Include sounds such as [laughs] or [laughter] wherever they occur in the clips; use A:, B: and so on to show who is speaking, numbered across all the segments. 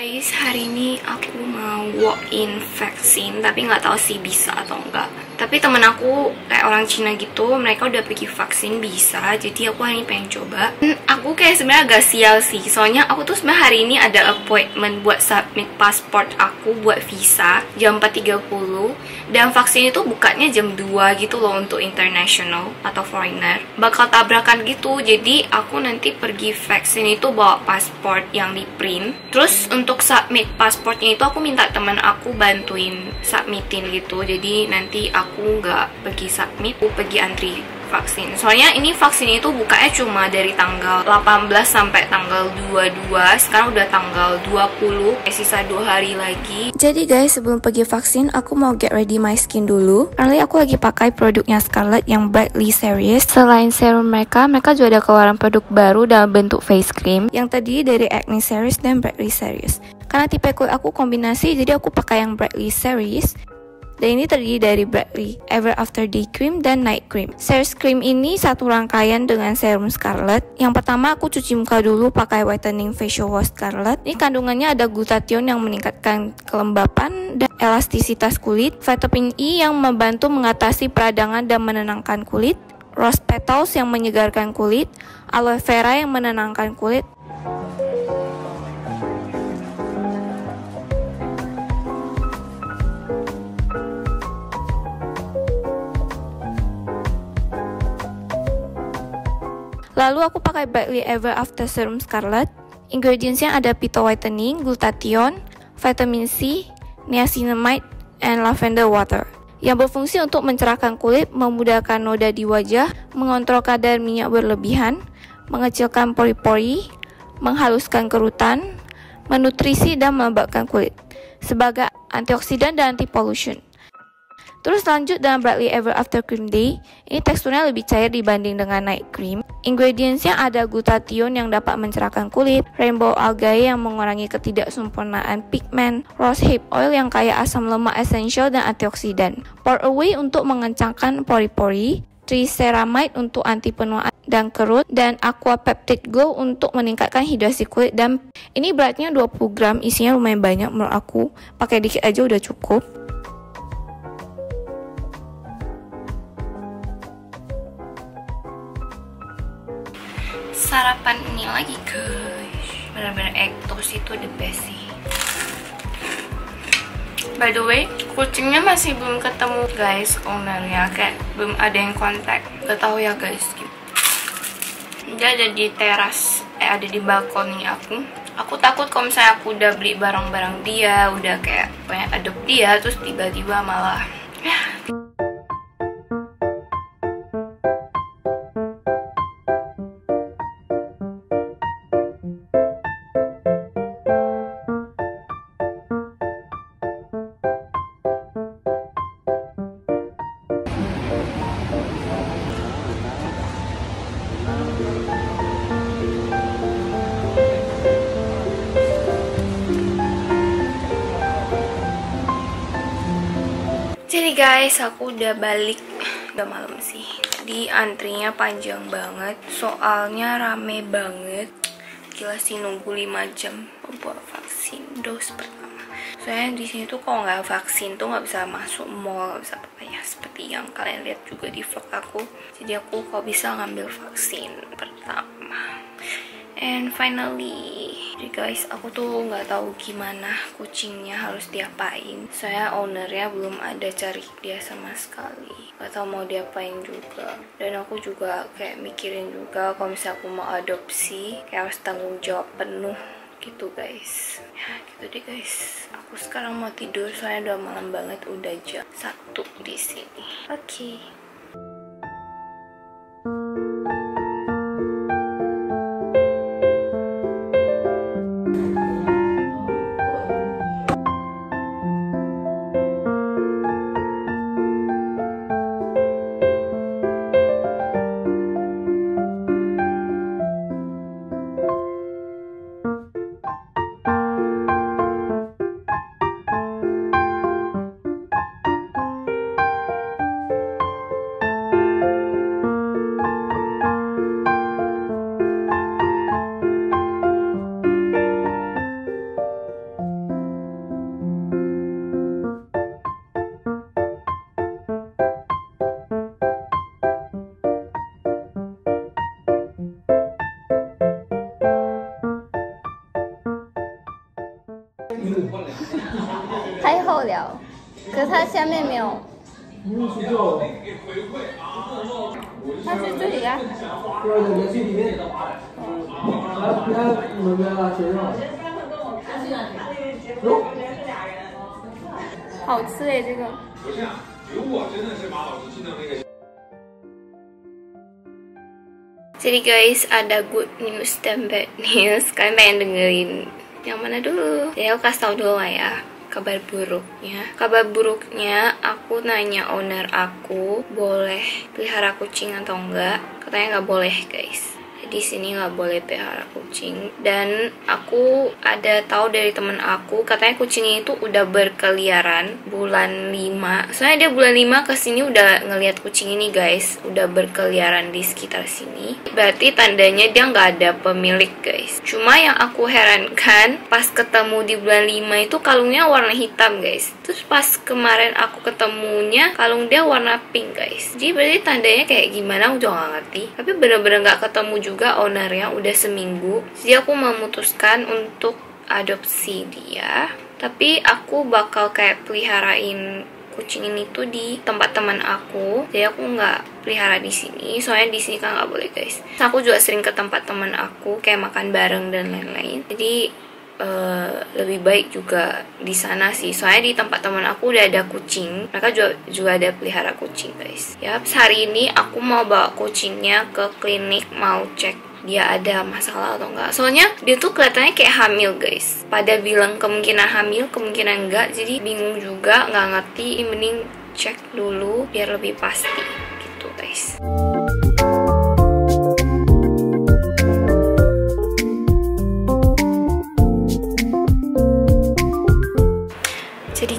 A: guys, hari ini aku mau walk-in vaksin tapi nggak tahu sih bisa atau enggak tapi temen aku kayak orang Cina gitu mereka udah pergi vaksin bisa jadi aku hari ini pengen coba Dan aku kayak sebenarnya agak sial sih soalnya aku tuh sebenarnya hari ini ada appointment buat submit passport aku buat visa jam 4.30 dan vaksin itu bukanya jam 2 gitu loh untuk international atau foreigner bakal tabrakan gitu jadi aku nanti pergi vaksin itu bawa passport yang di print terus untuk submit passportnya itu aku minta temen aku bantuin submitin gitu jadi nanti aku aku nggak pergi submit aku pergi antri vaksin soalnya ini vaksin itu bukanya cuma dari tanggal 18 sampai tanggal 22 sekarang udah tanggal 20 eh, sisa dua hari lagi jadi guys sebelum pergi vaksin aku mau get ready my skin dulu Kali aku lagi pakai produknya Scarlett yang Brightly Series selain serum mereka mereka juga ada keluaran produk baru dalam bentuk face cream yang tadi dari Acne Series dan Brightly Series karena tipe kulit aku kombinasi jadi aku pakai yang Brightly Series dan ini terdiri dari Bradley Ever After Day Cream dan Night Cream. Serum cream ini satu rangkaian dengan serum Scarlett. Yang pertama aku cuci muka dulu pakai whitening facial wash Scarlett. Ini kandungannya ada glutathione yang meningkatkan kelembapan dan elastisitas kulit, vitamin E yang membantu mengatasi peradangan dan menenangkan kulit, rose petals yang menyegarkan kulit, aloe vera yang menenangkan kulit, Lalu aku pakai Brightly Ever After Serum Scarlet. Ingredientsnya ada pito whitening, glutathione, vitamin C, niacinamide, and lavender water yang berfungsi untuk mencerahkan kulit, memudahkan noda di wajah, mengontrol kadar minyak berlebihan, mengecilkan pori-pori, menghaluskan kerutan, menutrisi dan melembabkan kulit sebagai antioksidan dan anti pollution. Terus lanjut dengan Brightly Ever After Cream Day. Ini teksturnya lebih cair dibanding dengan night cream. Ingredientsnya ada glutathione yang dapat mencerahkan kulit, rainbow algae yang mengurangi ketidaksempurnaan pigmen, rosehip oil yang kaya asam lemak esensial dan antioksidan, pour away untuk mengencangkan pori-pori, triceramide untuk anti penuaan dan kerut, dan aqua peptide glow untuk meningkatkan hidrasi kulit dan ini beratnya 20 gram, isinya lumayan banyak menurut aku, pakai dikit aja udah cukup. sarapan ini lagi guys bener-bener egg toast itu the best sih by the way kucingnya masih belum ketemu guys ownernya kayak belum ada yang kontak gak tahu ya guys dia ada di teras eh ada di balkoni aku aku takut kalau misalnya aku udah beli barang-barang dia udah kayak banyak adopt dia terus tiba-tiba malah guys aku udah balik udah malam sih di antrinya panjang banget soalnya rame banget gila sih nunggu 5 jam pembuat vaksin dos pertama soalnya di sini tuh kalau nggak vaksin tuh nggak bisa masuk mall bisa apa ya seperti yang kalian lihat juga di vlog aku jadi aku kok bisa ngambil vaksin pertama and finally jadi guys aku tuh nggak tahu gimana kucingnya harus diapain saya ownernya belum ada cari dia sama sekali nggak tahu mau diapain juga dan aku juga kayak mikirin juga kalau misalnya aku mau adopsi kayak harus tanggung jawab penuh gitu guys ya gitu deh guys aku sekarang mau tidur soalnya udah malam banget udah jam satu di sini oke okay. Jadi guys, ada good news dan bad news. Kalian pengen dengerin yang mana dulu? Ya, aku kasih tau dulu lah ya kabar buruknya kabar buruknya aku nanya owner aku boleh pelihara kucing atau enggak katanya nggak boleh guys di sini nggak boleh pelihara kucing dan aku ada tahu dari temen aku katanya kucingnya itu udah berkeliaran bulan 5 soalnya dia bulan 5 ke sini udah ngelihat kucing ini guys udah berkeliaran di sekitar sini berarti tandanya dia nggak ada pemilik guys cuma yang aku herankan pas ketemu di bulan 5 itu kalungnya warna hitam guys terus pas kemarin aku ketemunya kalung dia warna pink guys jadi berarti tandanya kayak gimana aku juga gak ngerti tapi bener-bener nggak ketemu juga juga ownernya udah seminggu jadi aku memutuskan untuk adopsi dia tapi aku bakal kayak peliharain kucing ini tuh di tempat teman aku jadi aku nggak pelihara di sini soalnya di sini kan nggak boleh guys aku juga sering ke tempat teman aku kayak makan bareng dan lain-lain jadi Eh, lebih baik juga di sana sih soalnya di tempat teman aku udah ada kucing mereka juga, juga ada pelihara kucing guys ya hari ini aku mau bawa kucingnya ke klinik mau cek dia ada masalah atau enggak soalnya dia tuh kelihatannya kayak hamil guys pada bilang kemungkinan hamil kemungkinan enggak jadi bingung juga nggak ngerti mending cek dulu biar lebih pasti gitu guys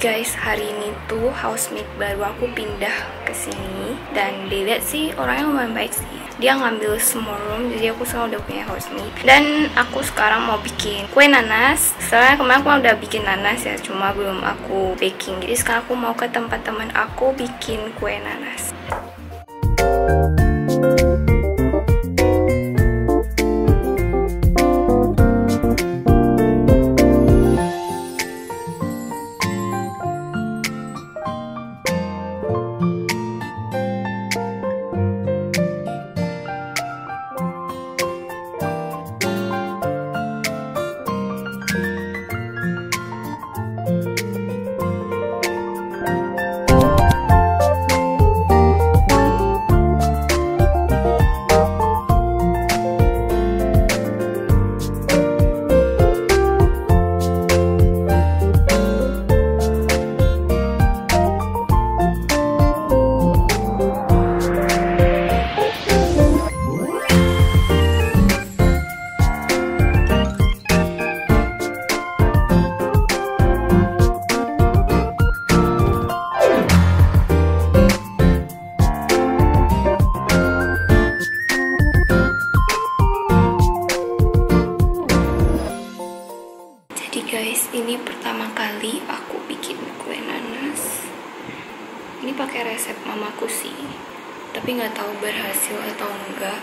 A: guys, hari ini tuh housemate baru aku pindah ke sini dan dilihat sih orangnya lumayan baik sih. Dia ngambil semua room jadi aku selalu udah punya housemate. Dan aku sekarang mau bikin kue nanas. Soalnya kemarin aku udah bikin nanas ya, cuma belum aku baking. Jadi sekarang aku mau ke tempat teman aku bikin kue nanas. Thank you resep mamaku sih tapi nggak tahu berhasil atau enggak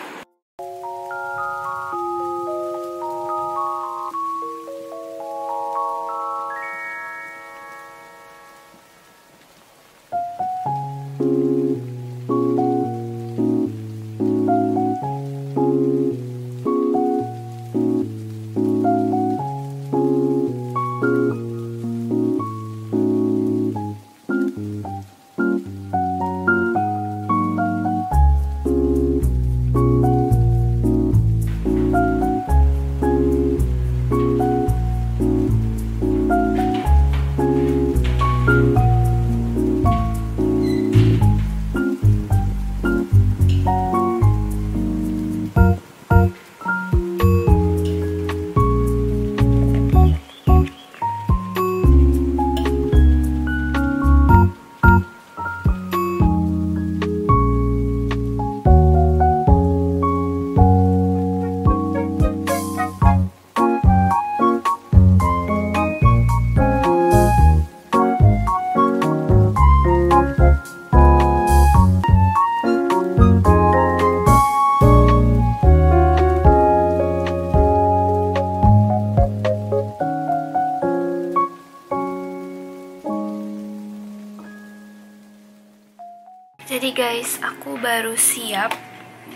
A: guys, aku baru siap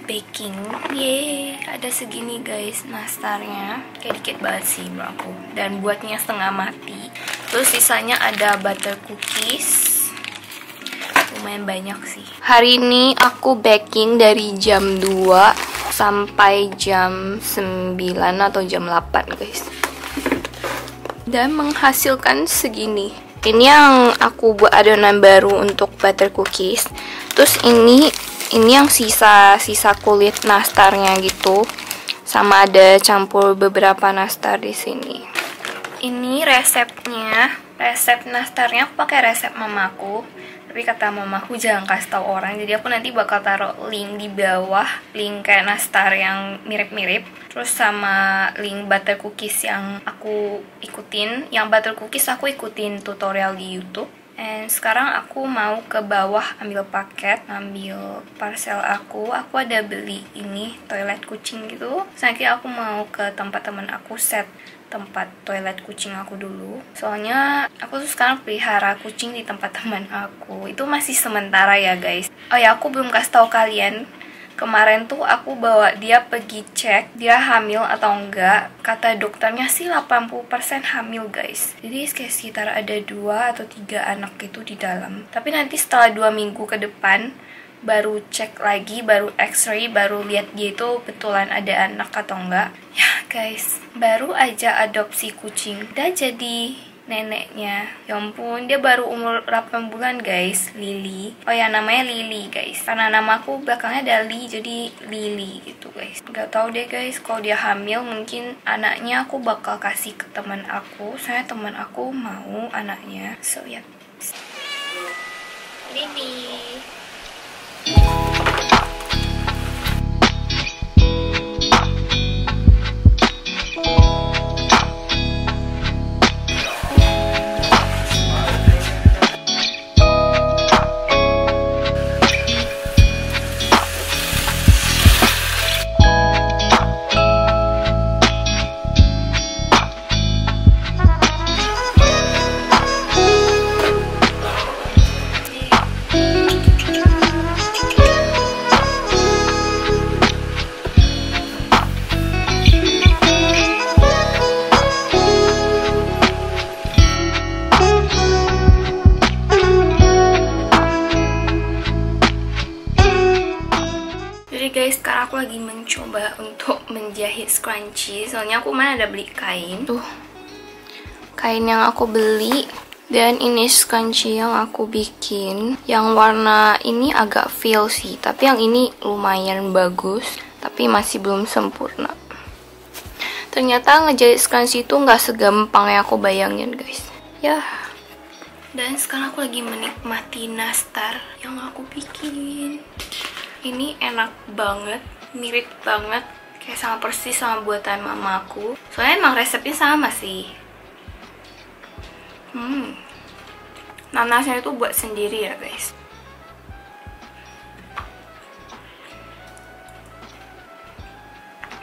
A: baking. Yeay, ada segini guys nastarnya. Kayak dikit banget sih menurut aku. Dan buatnya setengah mati. Terus sisanya ada butter cookies. Lumayan banyak sih. Hari ini aku baking dari jam 2 sampai jam 9 atau jam 8 guys. Dan menghasilkan segini. Ini yang aku buat adonan baru untuk butter cookies terus ini ini yang sisa sisa kulit nastarnya gitu sama ada campur beberapa nastar di sini ini resepnya resep nastarnya aku pakai resep mamaku tapi kata mamaku jangan kasih tahu orang jadi aku nanti bakal taruh link di bawah link kayak nastar yang mirip-mirip terus sama link butter cookies yang aku ikutin yang butter cookies aku ikutin tutorial di YouTube And sekarang aku mau ke bawah ambil paket, ambil parcel aku. Aku ada beli ini toilet kucing gitu. Selanjutnya aku mau ke tempat teman aku set tempat toilet kucing aku dulu soalnya aku tuh sekarang pelihara kucing di tempat [laughs] teman aku itu masih sementara ya guys oh ya aku belum kasih tahu kalian kemarin tuh aku bawa dia pergi cek dia hamil atau enggak kata dokternya sih 80% hamil guys jadi kayak sekitar ada dua atau tiga anak itu di dalam tapi nanti setelah dua minggu ke depan baru cek lagi, baru x-ray, baru lihat dia itu betulan ada anak atau enggak. Ya guys, baru aja adopsi kucing udah jadi neneknya ya ampun dia baru umur 8 bulan guys Lily oh ya namanya Lily guys karena nama aku belakangnya ada Li jadi Lily gitu guys nggak tahu deh guys kalau dia hamil mungkin anaknya aku bakal kasih ke teman aku saya teman aku mau anaknya so ya yeah. Lily scrunchie soalnya aku mana ada beli kain tuh kain yang aku beli dan ini scrunchie yang aku bikin yang warna ini agak feel sih tapi yang ini lumayan bagus tapi masih belum sempurna ternyata ngejahit scrunchie itu nggak segampang yang aku bayangin guys ya dan sekarang aku lagi menikmati nastar yang aku bikin ini enak banget mirip banget kayak sama persis sama buatan mamaku. soalnya emang resepnya sama sih hmm nanasnya itu buat sendiri ya guys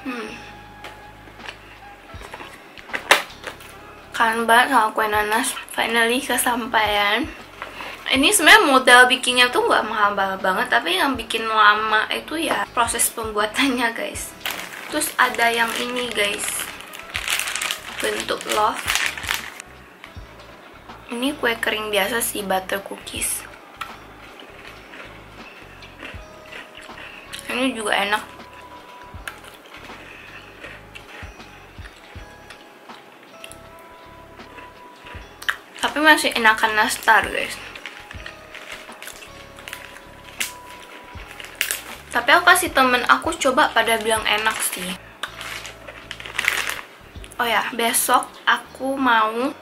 A: hmm kangen banget sama kue nanas finally kesampaian ini sebenarnya modal bikinnya tuh gak mahal banget tapi yang bikin lama itu ya proses pembuatannya guys terus ada yang ini guys bentuk love ini kue kering biasa sih butter cookies ini juga enak tapi masih enakan nastar guys tapi aku kasih temen aku coba pada bilang enak sih oh ya besok aku mau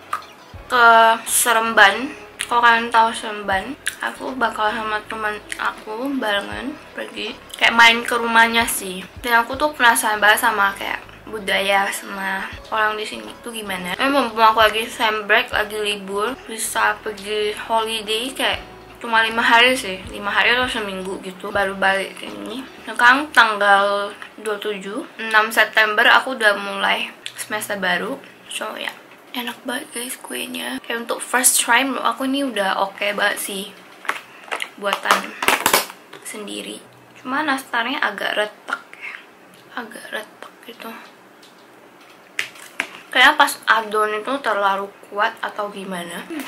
A: ke Seremban kalau kalian tahu Seremban aku bakal sama teman aku barengan pergi kayak main ke rumahnya sih dan aku tuh penasaran banget sama kayak budaya sama orang di sini tuh gimana. Ini mumpung aku lagi sem break, lagi libur, bisa pergi holiday kayak cuma lima hari sih lima hari atau seminggu gitu baru balik ke ini sekarang tanggal 27 6 September aku udah mulai semester baru so ya yeah. enak banget guys kuenya kayak untuk first try aku ini udah oke okay banget sih buatan sendiri cuma nastarnya agak retak ya. agak retak gitu kayak pas adon itu terlalu kuat atau gimana hmm.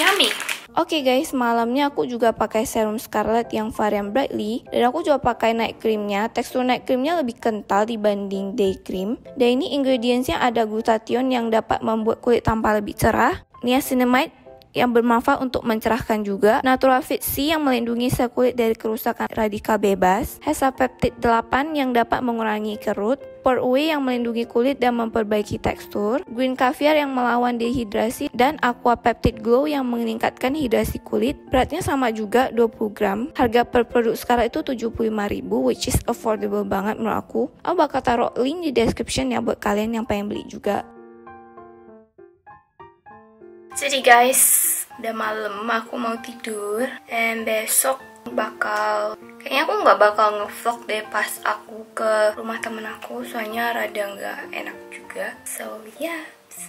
A: yummy Oke okay guys, malamnya aku juga pakai serum Scarlett yang varian Brightly dan aku juga pakai night creamnya. Tekstur night creamnya lebih kental dibanding day cream. Dan ini ingredientsnya ada glutathione yang dapat membuat kulit tampak lebih cerah, niacinamide yang bermanfaat untuk mencerahkan juga, Natural Fit C yang melindungi sel kulit dari kerusakan radikal bebas, Hexapeptid 8 yang dapat mengurangi kerut, Away yang melindungi kulit dan memperbaiki tekstur, Green Caviar yang melawan dehidrasi, dan Aqua Peptid Glow yang meningkatkan hidrasi kulit. Beratnya sama juga 20 gram. Harga per produk sekarang itu 75.000 which is affordable banget menurut aku. Aku bakal taruh link di description ya buat kalian yang pengen beli juga. Jadi guys, udah malam aku mau tidur and besok bakal kayaknya aku gak bakal ngevlog deh pas aku ke rumah temen aku soalnya rada gak enak juga so yeah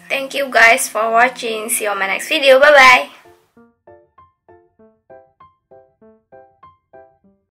A: thank you guys for watching see you on my next video bye bye